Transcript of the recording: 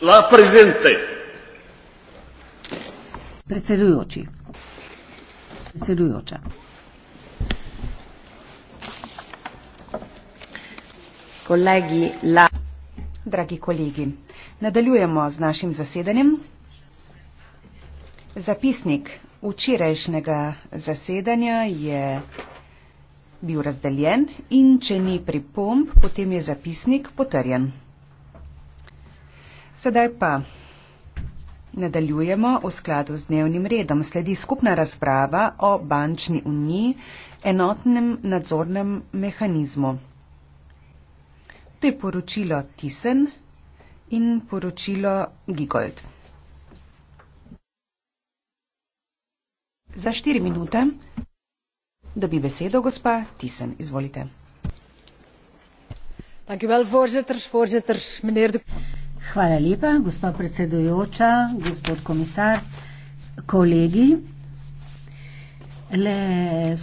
La presente. Predsedujoči. Predsedujoča. Kolegi, la. Dragi kolegi, nadaljujemo z našim zasedanjem. Zapisnik včerajšnjega zasedanja je bil razdeljen in če ni pripomb, potem je zapisnik potrjen. Sedaj pa nadaljujemo v skladu z dnevnim redom. Sledi skupna razprava o bančni uniji, enotnem nadzornem mehanizmu. To je poročilo Tisen in poročilo Gigold. Za štiri minute dobi besedo gospa Tisen. Izvolite. Dank u wel, voorzitter. Voorzitter, meneer de. Hvala lepa, gospod predsedujoča, gospod komisar, kolegi. Le